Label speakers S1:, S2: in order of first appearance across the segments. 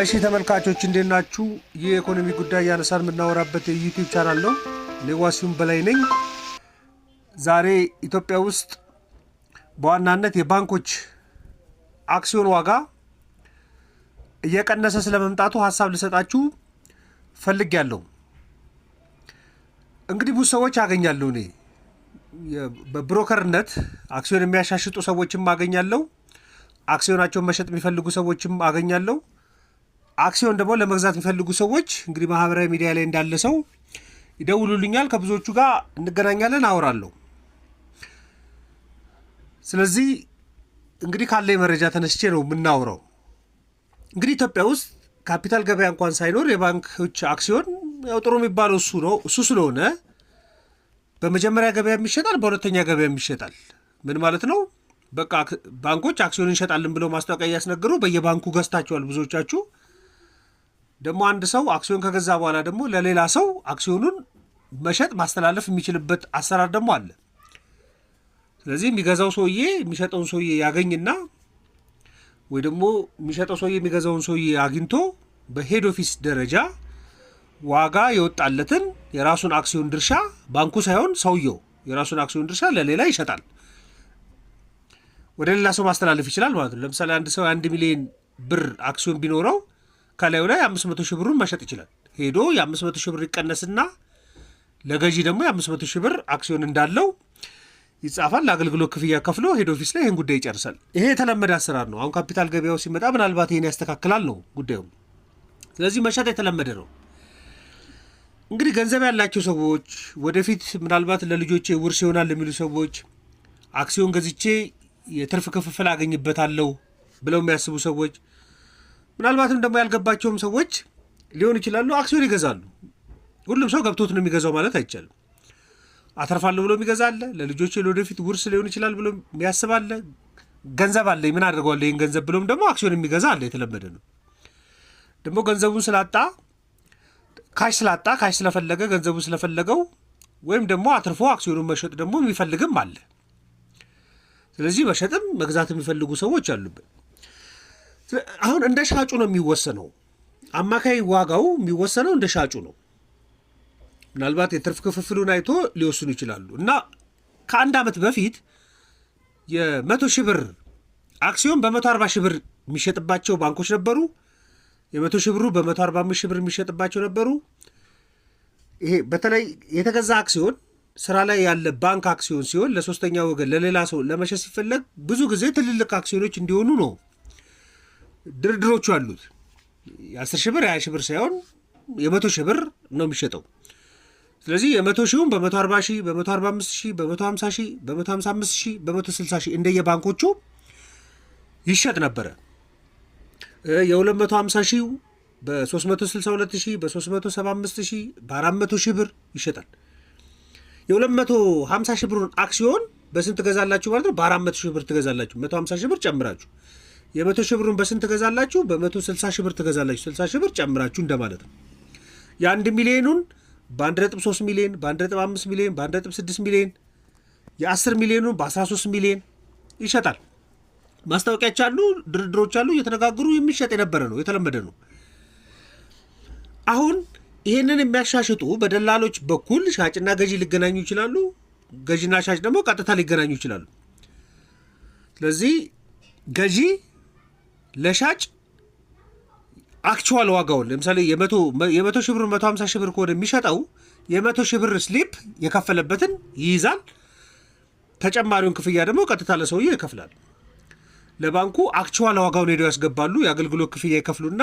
S1: እሺ ተመልካቾች እንዴት ናችሁ? የኢኮኖሚ ጉዳይ ያነሳን የምናወራበት የዩቲዩብ ቻናል ነው። እኔ በላይ ነኝ። ዛሬ ኢትዮጵያ ውስጥ በዋናነት የባንኮች አክሲዮን ዋጋ እየቀነሰ ስለመምጣቱ ሀሳብ ልሰጣችሁ ፈልጌያለሁ። እንግዲህ ብዙ ሰዎች አገኛለሁ እኔ በብሮከርነት አክሲዮን የሚያሻሽጡ ሰዎችም አገኛለሁ። አክሲዮናቸውን መሸጥ የሚፈልጉ ሰዎችም አገኛለሁ። አክሲዮን ደግሞ ለመግዛት የሚፈልጉ ሰዎች እንግዲህ ማህበራዊ ሚዲያ ላይ እንዳለ ሰው ይደውሉልኛል። ከብዙዎቹ ጋር እንገናኛለን፣ አወራለሁ። ስለዚህ እንግዲህ ካለ መረጃ ተነስቼ ነው የምናውረው። እንግዲህ ኢትዮጵያ ውስጥ ካፒታል ገበያ እንኳን ሳይኖር የባንኮች አክሲዮን ያው ጥሩ የሚባለው እሱ ነው። እሱ ስለሆነ በመጀመሪያ ገበያም ይሸጣል፣ በሁለተኛ ገበያም ይሸጣል። ምን ማለት ነው? በቃ ባንኮች አክሲዮን እንሸጣለን ብለው ማስታወቂያ እያስነገሩ በየባንኩ ገዝታችኋል ብዙዎቻችሁ። ደግሞ አንድ ሰው አክሲዮን ከገዛ በኋላ ደግሞ ለሌላ ሰው አክሲዮኑን መሸጥ ማስተላለፍ የሚችልበት አሰራር ደግሞ አለ። ስለዚህ የሚገዛው ሰውዬ የሚሸጠውን ሰውዬ ያገኝና ወይ ደግሞ የሚሸጠው ሰውዬ የሚገዛውን ሰውዬ አግኝቶ በሄድ ኦፊስ ደረጃ ዋጋ የወጣለትን የራሱን አክሲዮን ድርሻ ባንኩ ሳይሆን ሰውየው የራሱን አክሲዮን ድርሻ ለሌላ ይሸጣል። ወደ ሌላ ሰው ማስተላለፍ ይችላል ማለት ነው። ለምሳሌ አንድ ሰው አንድ ሚሊዮን ብር አክሲዮን ቢኖረው ከላዩ ላይ አምስት መቶ ሺህ ብሩን መሸጥ ይችላል። ሄዶ የአምስት መቶ ሺህ ብር ይቀነስና ለገዢ ደግሞ የአምስት መቶ ሺህ ብር አክሲዮን እንዳለው ይጻፋል። ለአገልግሎት ክፍያ ከፍሎ ሄድ ኦፊስ ላይ ይህን ጉዳይ ይጨርሳል። ይሄ የተለመደ አሰራር ነው። አሁን ካፒታል ገበያው ሲመጣ ምናልባት ይህን ያስተካክላል ነው ጉዳዩ። ስለዚህ መሸጥ የተለመደ ነው። እንግዲህ ገንዘብ ያላቸው ሰዎች ወደፊት ምናልባት ለልጆቼ ውርስ ይሆናል የሚሉ ሰዎች አክሲዮን ገዝቼ የትርፍ ክፍፍል አገኝበታለሁ ብለው የሚያስቡ ሰዎች ምናልባትም ደግሞ ያልገባቸውም ሰዎች ሊሆን ይችላሉ። አክሲዮን ይገዛሉ። ሁሉም ሰው ገብቶት ነው የሚገዛው ማለት አይቻልም። አተርፋለሁ ብሎ የሚገዛ አለ። ለልጆች ለወደፊት ውርስ ሊሆን ይችላል ብሎ የሚያስብ አለ። ገንዘብ አለኝ ምን አድርገዋለሁ ይህን ገንዘብ ብሎም ደግሞ አክሲዮን የሚገዛ አለ። የተለመደ ነው። ደግሞ ገንዘቡን ስላጣ ካሽ ስላጣ ካሽ ስለፈለገ ገንዘቡን ስለፈለገው ወይም ደግሞ አትርፎ አክሲዮኑን መሸጥ ደግሞ የሚፈልግም አለ። ስለዚህ መሸጥም መግዛት የሚፈልጉ ሰዎች አሉብን። አሁን እንደ ሻጩ ነው የሚወሰነው። አማካይ ዋጋው የሚወሰነው እንደ ሻጩ ነው። ምናልባት የትርፍ ክፍፍሉን አይቶ ሊወስኑ ይችላሉ። እና ከአንድ ዓመት በፊት የመቶ ሺህ ብር አክሲዮን በመቶ አርባ ሺህ ብር የሚሸጥባቸው ባንኮች ነበሩ። የመቶ ሺህ ብሩ በመቶ አርባ አምስት ሺህ ብር የሚሸጥባቸው ነበሩ። ይሄ በተለይ የተገዛ አክሲዮን ስራ ላይ ያለ ባንክ አክሲዮን ሲሆን ለሶስተኛ ወገን ለሌላ ሰው ለመሸጥ ሲፈለግ ብዙ ጊዜ ትልልቅ አክሲዮኖች እንዲሆኑ ነው ድርድሮቹ ያሉት። የአስር ሺህ ብር የሀያ ሺህ ብር ሳይሆን የመቶ ሺህ ብር ነው የሚሸጠው። ስለዚህ የመቶ ሺውን በመቶ አርባ ሺህ በመቶ አርባ አምስት ሺህ በመቶ ሀምሳ ሺህ በመቶ ሀምሳ አምስት ሺህ በመቶ ስልሳ ሺህ እንደየ ባንኮቹ ይሸጥ ነበረ። የሁለት መቶ ሀምሳ ሺህ በ362 ሺህ በ375 ሺህ በ400 ሺህ ብር ይሸጣል። የ250 ሺህ ብሩን አክሲዮን በስንት ትገዛላችሁ ማለት ነው? በ400 ሺህ ብር ትገዛላችሁ። 150 ሺህ ብር ጨምራችሁ የመቶ ሺህ ብሩን በስንት ትገዛላችሁ? በ160 ሺህ ብር ትገዛላችሁ። 60 ሺህ ብር ጨምራችሁ እንደማለት ነው። የአንድ ሚሊዮኑን በ1.3 ሚሊዮን፣ በ1.5 ሚሊዮን፣ በ1.6 ሚሊዮን፣ የ10 ሚሊዮኑን በ13 ሚሊዮን ይሸጣል። ማስታወቂያዎች አሉ፣ ድርድሮች አሉ፣ እየተነጋገሩ የሚሸጥ የነበረ ነው፣ የተለመደ ነው። አሁን ይህንን የሚያሻሽጡ በደላሎች በኩል ሻጭና ገዢ ሊገናኙ ይችላሉ። ገዢና ሻጭ ደግሞ ቀጥታ ሊገናኙ ይችላሉ። ስለዚህ ገዢ ለሻጭ አክቹዋል ዋጋውን ለምሳሌ የመቶ ሺህ ብር መቶ ሀምሳ ሺህ ብር ከሆነ የሚሸጠው የመቶ ሺህ ብር ስሊፕ የከፈለበትን ይይዛል። ተጨማሪውን ክፍያ ደግሞ ቀጥታ ለሰውየ ይከፍላል። ለባንኩ አክቹዋል ዋጋውን ሄደው ያስገባሉ። የአገልግሎት ክፍያ ይከፍሉና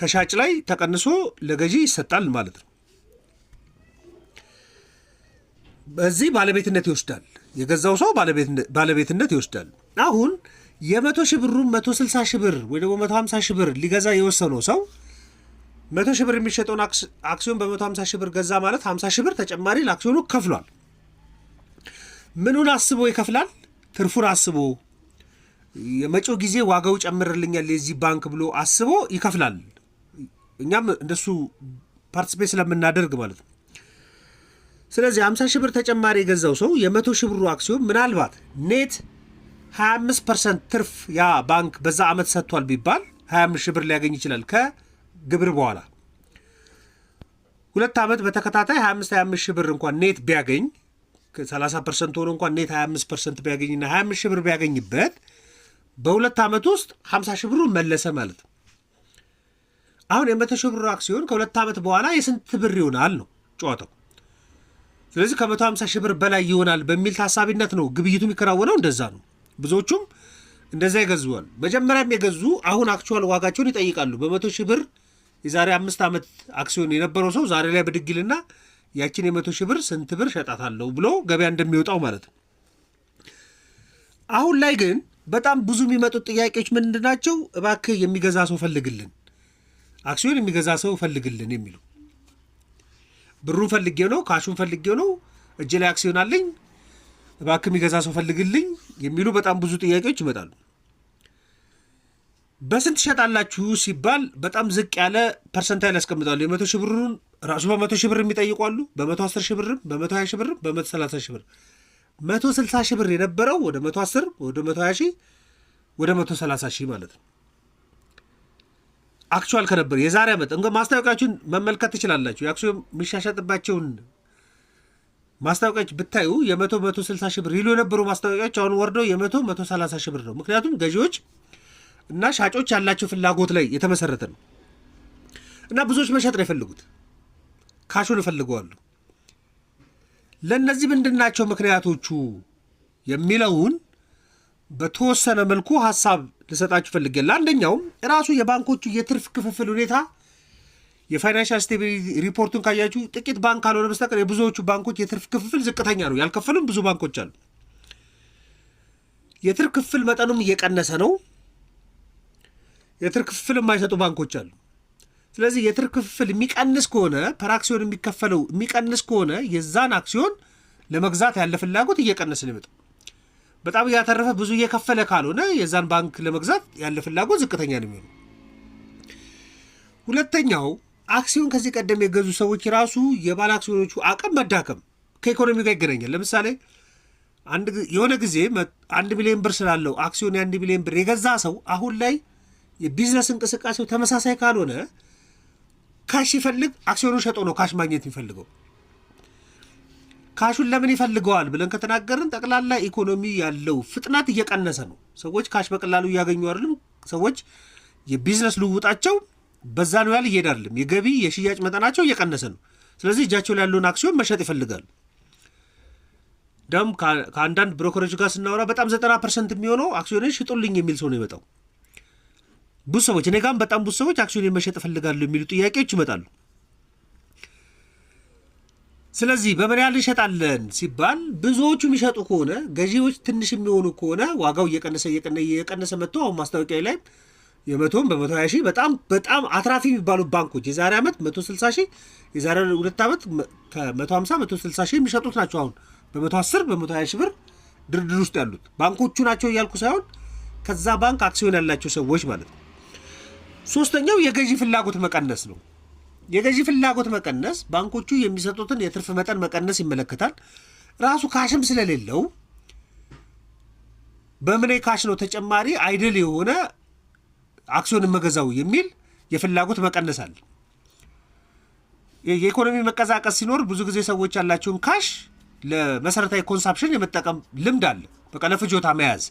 S1: ከሻጭ ላይ ተቀንሶ ለገዢ ይሰጣል ማለት ነው። በዚህ ባለቤትነት ይወስዳል። የገዛው ሰው ባለቤትነት ይወስዳል። አሁን የመቶ ሺህ ብሩን መቶ ስልሳ ሺህ ብር ወይ ደግሞ መቶ ሀምሳ ሺህ ብር ሊገዛ የወሰነው ሰው መቶ ሺህ ብር የሚሸጠውን አክሲዮን በመቶ ሀምሳ ሺህ ብር ገዛ ማለት ሀምሳ ሺህ ብር ተጨማሪ ለአክሲዮኑ ከፍሏል። ምኑን አስቦ ይከፍላል? ትርፉን አስቦ የመጪው ጊዜ ዋጋው ጨምርልኛል የዚህ ባንክ ብሎ አስቦ ይከፍላል። እኛም እንደሱ ፓርቲስፔት ስለምናደርግ ማለት ነው። ስለዚህ 50 ሺህ ብር ተጨማሪ የገዛው ሰው የ100 ሺህ ብሩ አክሲዮን ምናልባት ኔት 25 ፐርሰንት ትርፍ ያ ባንክ በዛ ዓመት ሰጥቷል ቢባል 25 ሺህ ብር ሊያገኝ ይችላል ከግብር በኋላ ሁለት ዓመት በተከታታይ 25 25 ሺህ ብር እንኳን ኔት ቢያገኝ 30 ፐርሰንት ሆኖ እንኳን ኔት 25 ፐርሰንት ቢያገኝና 25 ሺህ ብር ቢያገኝበት በሁለት ዓመት ውስጥ 50 ሺህ ብሩን መለሰ ማለት ነው። አሁን የመቶ ሺህ ብር አክሲዮን ከሁለት ዓመት በኋላ የስንት ብር ይሆናል ነው ጨዋታው። ስለዚህ ከመቶ 5 ሺህ ብር በላይ ይሆናል በሚል ታሳቢነት ነው ግብይቱ የሚከናወነው። እንደዛ ነው። ብዙዎቹም እንደዛ ይገዙዋል። መጀመሪያም የገዙ አሁን አክቹዋል ዋጋቸውን ይጠይቃሉ። በመቶ ሺህ ብር የዛሬ አምስት ዓመት አክሲዮን የነበረው ሰው ዛሬ ላይ ብድግልና ያችን የመቶ ሺህ ብር ስንት ብር ሸጣታለሁ ብሎ ገበያ እንደሚወጣው ማለት ነው። አሁን ላይ ግን በጣም ብዙ የሚመጡት ጥያቄዎች ምንድናቸው? እባክህ የሚገዛ ሰው ፈልግልን አክሲዮን የሚገዛ ሰው ፈልግልን የሚሉ ብሩን ፈልጌው ነው፣ ካሹን ፈልጌው ነው፣ እጅ ላይ አክሲዮን አለኝ፣ እባክህ የሚገዛ ሰው ፈልግልኝ የሚሉ በጣም ብዙ ጥያቄዎች ይመጣሉ። በስንት ሸጣላችሁ ሲባል በጣም ዝቅ ያለ ፐርሰንታይል ያስቀምጣሉ። የመቶ ሺህ ብሩን ራሱ በመቶ ሺህ ብር የሚጠይቋሉ። በመቶ አስር ሺህ ብርም በመቶ ሀያ ሺህ ብርም በመቶ ሰላሳ ሺህ ብር መቶ ስልሳ ሺህ ብር የነበረው ወደ መቶ አስር ወደ መቶ ሀያ ሺህ ወደ መቶ ሰላሳ ሺህ ማለት ነው። አክቹዋል ከነበር የዛሬ ዓመት እንኳ ማስታወቂያዎችን መመልከት ትችላላችሁ። የአክሲዮን የሚሻሻጥባቸውን ማስታወቂያዎች ብታዩ የመቶ መቶ ስልሳ ሺህ ብር ይሉ የነበሩ ማስታወቂያዎች አሁን ወርደው የመቶ መቶ ሰላሳ ሺህ ብር ነው። ምክንያቱም ገዢዎች እና ሻጮች ያላቸው ፍላጎት ላይ የተመሰረተ ነው እና ብዙዎች መሸጥ ነው የፈልጉት፣ ካሹን እፈልገዋሉ። ለእነዚህ ናቸው ምክንያቶቹ የሚለውን በተወሰነ መልኩ ሀሳብ ልሰጣችሁ ፈልጌያለሁ። አንደኛውም ራሱ የባንኮቹ የትርፍ ክፍፍል ሁኔታ የፋይናንሻል ስቴቢሊቲ ሪፖርቱን ካያችሁ ጥቂት ባንክ ካልሆነ በስተቀር የብዙዎቹ ባንኮች የትርፍ ክፍፍል ዝቅተኛ ነው። ያልከፈሉም ብዙ ባንኮች አሉ። የትርፍ ክፍፍል መጠኑም እየቀነሰ ነው። የትርፍ ክፍፍል የማይሰጡ ባንኮች አሉ። ስለዚህ የትርፍ ክፍፍል የሚቀንስ ከሆነ ፐር አክሲዮን የሚከፈለው የሚቀንስ ከሆነ የዛን አክሲዮን ለመግዛት ያለ ፍላጎት እየቀነስን ነው በጣም እያተረፈ ብዙ እየከፈለ ካልሆነ የዛን ባንክ ለመግዛት ያለ ፍላጎት ዝቅተኛ ነው የሚሆነው። ሁለተኛው አክሲዮን ከዚህ ቀደም የገዙ ሰዎች ራሱ የባለ አክሲዮኖቹ አቅም መዳከም ከኢኮኖሚ ጋር ይገናኛል። ለምሳሌ የሆነ ጊዜ አንድ ሚሊዮን ብር ስላለው አክሲዮን የአንድ ሚሊዮን ብር የገዛ ሰው አሁን ላይ የቢዝነስ እንቅስቃሴው ተመሳሳይ ካልሆነ ካሽ ይፈልግ አክሲዮኑን ሸጦ ነው ካሽ ማግኘት የሚፈልገው። ካሹን ለምን ይፈልገዋል ብለን ከተናገርን ጠቅላላ ኢኮኖሚ ያለው ፍጥነት እየቀነሰ ነው። ሰዎች ካሽ በቀላሉ እያገኙ አይደለም። ሰዎች የቢዝነስ ልውውጣቸው በዛ ነው ያል እየሄደ አይደለም። የገቢ የሽያጭ መጠናቸው እየቀነሰ ነው። ስለዚህ እጃቸው ላይ ያለውን አክሲዮን መሸጥ ይፈልጋሉ። ደም ከአንዳንድ ብሮከሮች ጋር ስናወራ በጣም ዘጠና ፐርሰንት የሚሆነው አክሲዮንን ሽጡልኝ የሚል ሰው ነው የመጣው። ብዙ ሰዎች እኔ ጋም በጣም ብዙ ሰዎች አክሲዮን መሸጥ እፈልጋለሁ የሚሉ ጥያቄዎች ይመጣሉ። ስለዚህ በምን ያህል እንሸጣለን ሲባል ብዙዎቹ የሚሸጡ ከሆነ ገዢዎች ትንሽ የሚሆኑ ከሆነ ዋጋው እየቀነሰ እየቀነሰ መጥቶ አሁን ማስታወቂያ ላይ የመቶም በመቶ ሀያ ሺህ በጣም በጣም አትራፊ የሚባሉ ባንኮች የዛሬ ዓመት መቶ ስልሳ ሺህ የዛሬ ሁለት ዓመት ከመቶ ሀምሳ መቶ ስልሳ ሺህ የሚሸጡት ናቸው። አሁን በመቶ አስር በመቶ ሀያ ሺህ ብር ድርድር ውስጥ ያሉት ባንኮቹ ናቸው እያልኩ ሳይሆን ከዛ ባንክ አክሲዮን ያላቸው ሰዎች ማለት ነው። ሶስተኛው የገዢ ፍላጎት መቀነስ ነው። የገዢ ፍላጎት መቀነስ ባንኮቹ የሚሰጡትን የትርፍ መጠን መቀነስ ይመለከታል። ራሱ ካሽም ስለሌለው በምን ካሽ ነው ተጨማሪ አይድል የሆነ አክሲዮን መገዛው የሚል የፍላጎት መቀነስ አለ። የኢኮኖሚ መቀዛቀስ ሲኖር ብዙ ጊዜ ሰዎች ያላቸውን ካሽ ለመሰረታዊ ኮንሳፕሽን የመጠቀም ልምድ አለ። በቃ ለፍጆታ መያዝ፣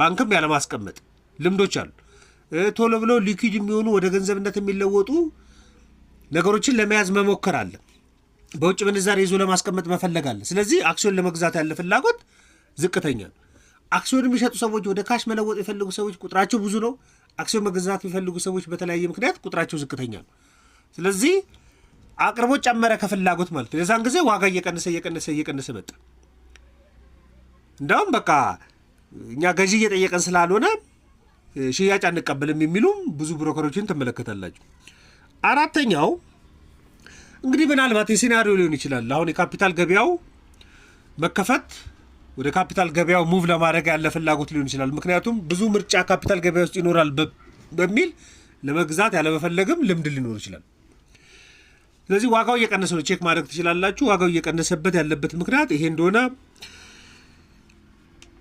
S1: ባንክም ያለማስቀመጥ ልምዶች አሉ። ቶሎ ብለው ሊኩድ የሚሆኑ ወደ ገንዘብነት የሚለወጡ ነገሮችን ለመያዝ መሞከር አለ። በውጭ ምንዛሬ ይዞ ለማስቀመጥ መፈለግ አለ። ስለዚህ አክሲዮን ለመግዛት ያለ ፍላጎት ዝቅተኛ ነው። አክሲዮን የሚሸጡ ሰዎች ወደ ካሽ መለወጥ የፈልጉ ሰዎች ቁጥራቸው ብዙ ነው። አክሲዮን መግዛት የሚፈልጉ ሰዎች በተለያየ ምክንያት ቁጥራቸው ዝቅተኛ ነው። ስለዚህ አቅርቦት ጨመረ ከፍላጎት ማለት ነው። የዛን ጊዜ ዋጋ እየቀነሰ እየቀነሰ እየቀነሰ መጣ። እንዳውም በቃ እኛ ገዢ እየጠየቀን ስላልሆነ ሽያጭ አንቀበልም የሚሉም ብዙ ብሮከሮችን ትመለከታላችሁ። አራተኛው እንግዲህ ምናልባት የሲናሪዮ ሊሆን ይችላል። አሁን የካፒታል ገበያው መከፈት ወደ ካፒታል ገበያው ሙቭ ለማድረግ ያለ ፍላጎት ሊሆን ይችላል። ምክንያቱም ብዙ ምርጫ ካፒታል ገበያ ውስጥ ይኖራል በሚል ለመግዛት ያለመፈለግም ልምድ ሊኖር ይችላል። ስለዚህ ዋጋው እየቀነሰ ነው፣ ቼክ ማድረግ ትችላላችሁ። ዋጋው እየቀነሰበት ያለበት ምክንያት ይሄ እንደሆነ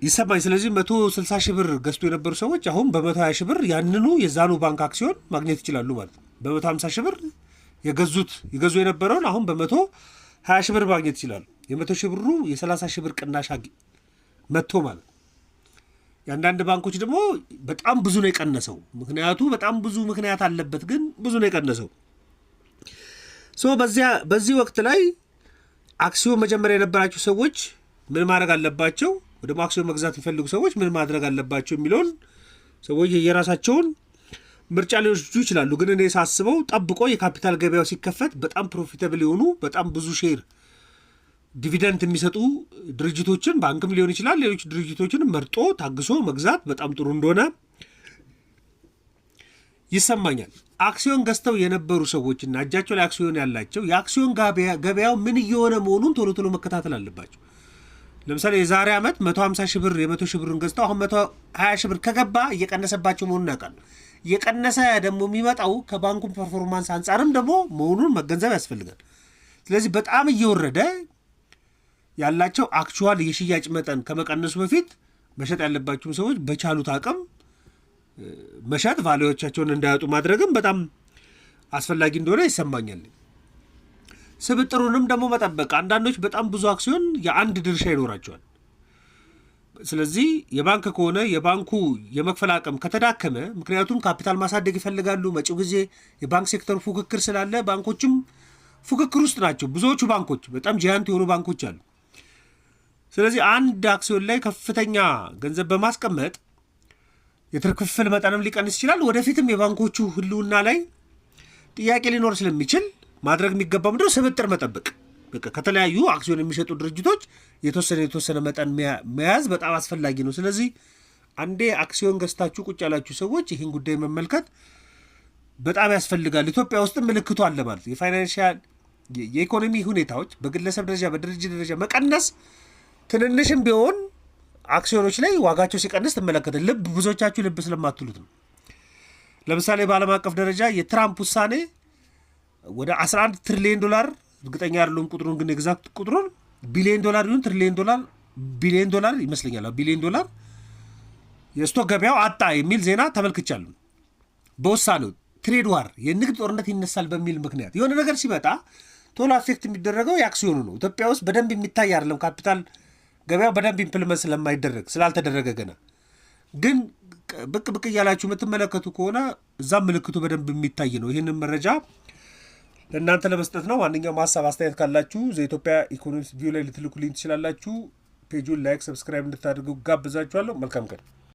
S1: ይሰማኝ። ስለዚህ መቶ ስልሳ ሺህ ብር ገዝቶ የነበሩ ሰዎች አሁን በመቶ ሀያ ሺህ ብር ያንኑ የዛኑ ባንክ አክሲዮን ማግኘት ይችላሉ ማለት ነው። በመቶ ሀምሳ ሺህ ብር የገዙት ይገዙ የነበረውን አሁን በመቶ ሀያ ሺህ ብር ማግኘት ይችላሉ። የመቶ ሺህ ብሩ የሰላሳ ሺህ ብር ቅናሽ መጥቶ ማለት የአንዳንድ ባንኮች ደግሞ በጣም ብዙ ነው የቀነሰው። ምክንያቱ በጣም ብዙ ምክንያት አለበት፣ ግን ብዙ ነው የቀነሰው። ሶ በዚህ ወቅት ላይ አክሲዮን መጀመሪያ የነበራቸው ሰዎች ምን ማድረግ አለባቸው? ወደ አክሲዮን መግዛት የሚፈልጉ ሰዎች ምን ማድረግ አለባቸው የሚለውን ሰዎች የየራሳቸውን ምርጫ ሊወስዱ ይችላሉ። ግን እኔ ሳስበው ጠብቆ የካፒታል ገበያው ሲከፈት በጣም ፕሮፊታብል የሆኑ በጣም ብዙ ሼር ዲቪደንት የሚሰጡ ድርጅቶችን ባንክም ሊሆን ይችላል ሌሎች ድርጅቶችን መርጦ ታግሶ መግዛት በጣም ጥሩ እንደሆነ ይሰማኛል። አክሲዮን ገዝተው የነበሩ ሰዎችና እጃቸው ላይ አክሲዮን ያላቸው የአክሲዮን ገበያው ምን እየሆነ መሆኑን ቶሎ ቶሎ መከታተል አለባቸው። ለምሳሌ የዛሬ ዓመት 150 ሺህ ብር የ100 ሺህ ብሩን ገዝተው አሁን 120 ሺህ ብር ከገባ እየቀነሰባቸው መሆኑን ያውቃሉ። የቀነሰ ደግሞ የሚመጣው ከባንኩን ፐርፎርማንስ አንጻርም ደግሞ መሆኑን መገንዘብ ያስፈልጋል። ስለዚህ በጣም እየወረደ ያላቸው አክቹዋል የሽያጭ መጠን ከመቀነሱ በፊት መሸጥ ያለባቸውም ሰዎች በቻሉት አቅም መሸጥ ቫሌዎቻቸውን እንዳያጡ ማድረግም በጣም አስፈላጊ እንደሆነ ይሰማኛል። ስብጥሩንም ደግሞ መጠበቅ። አንዳንዶች በጣም ብዙ አክሲዮን የአንድ ድርሻ ይኖራቸዋል። ስለዚህ የባንክ ከሆነ የባንኩ የመክፈል አቅም ከተዳከመ፣ ምክንያቱም ካፒታል ማሳደግ ይፈልጋሉ። መጪው ጊዜ የባንክ ሴክተር ፉክክር ስላለ ባንኮችም ፉክክር ውስጥ ናቸው። ብዙዎቹ ባንኮች በጣም ጃያንት የሆኑ ባንኮች አሉ። ስለዚህ አንድ አክሲዮን ላይ ከፍተኛ ገንዘብ በማስቀመጥ የትርክፍል መጠንም ሊቀንስ ይችላል። ወደፊትም የባንኮቹ ሕልውና ላይ ጥያቄ ሊኖር ስለሚችል ማድረግ የሚገባ ምንድነው ስብጥር መጠበቅ በቃ ከተለያዩ አክሲዮን የሚሸጡ ድርጅቶች የተወሰነ የተወሰነ መጠን መያዝ በጣም አስፈላጊ ነው። ስለዚህ አንዴ አክሲዮን ገዝታችሁ ቁጭ ያላችሁ ሰዎች ይህን ጉዳይ መመልከት በጣም ያስፈልጋል። ኢትዮጵያ ውስጥም ምልክቱ አለ ማለት የፋይናንሽል የኢኮኖሚ ሁኔታዎች በግለሰብ ደረጃ በድርጅት ደረጃ መቀነስ ትንንሽም ቢሆን አክሲዮኖች ላይ ዋጋቸው ሲቀንስ ትመለከተ ልብ ብዙዎቻችሁ ልብ ስለማትሉት ነው። ለምሳሌ በዓለም አቀፍ ደረጃ የትራምፕ ውሳኔ ወደ 11 ትሪሊዮን ዶላር እርግጠኛ ያለውን ቁጥሩን ግን ኤግዛክት ቁጥሩን ቢሊዮን ዶላር ይሁን ትሪሊዮን ዶላር ቢሊዮን ዶላር ይመስለኛል። ቢሊዮን ዶላር የስቶክ ገበያው አጣ የሚል ዜና ተመልክቻለሁ። በውሳኔው ትሬድ ዋር የንግድ ጦርነት ይነሳል በሚል ምክንያት የሆነ ነገር ሲመጣ ቶሎ አፌክት የሚደረገው የአክሲዮኑ ነው። ኢትዮጵያ ውስጥ በደንብ የሚታይ አይደለም። ካፒታል ገበያው በደንብ ኢምፕልመንት ስለማይደረግ ስላልተደረገ ገና ግን ብቅ ብቅ እያላችሁ የምትመለከቱ ከሆነ እዛም ምልክቱ በደንብ የሚታይ ነው። ይህንን መረጃ ለእናንተ ለመስጠት ነው። ማንኛውም ሀሳብ አስተያየት ካላችሁ ዘኢትዮጵያ ኢኮኖሚስት ቪው ላይ ልትልኩልኝ ትችላላችሁ። ፔጁን ላይክ፣ ሰብስክራይብ እንድታደርጉ ጋብዛችኋለሁ። መልካም ቀን